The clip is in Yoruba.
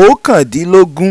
oókàndínlógún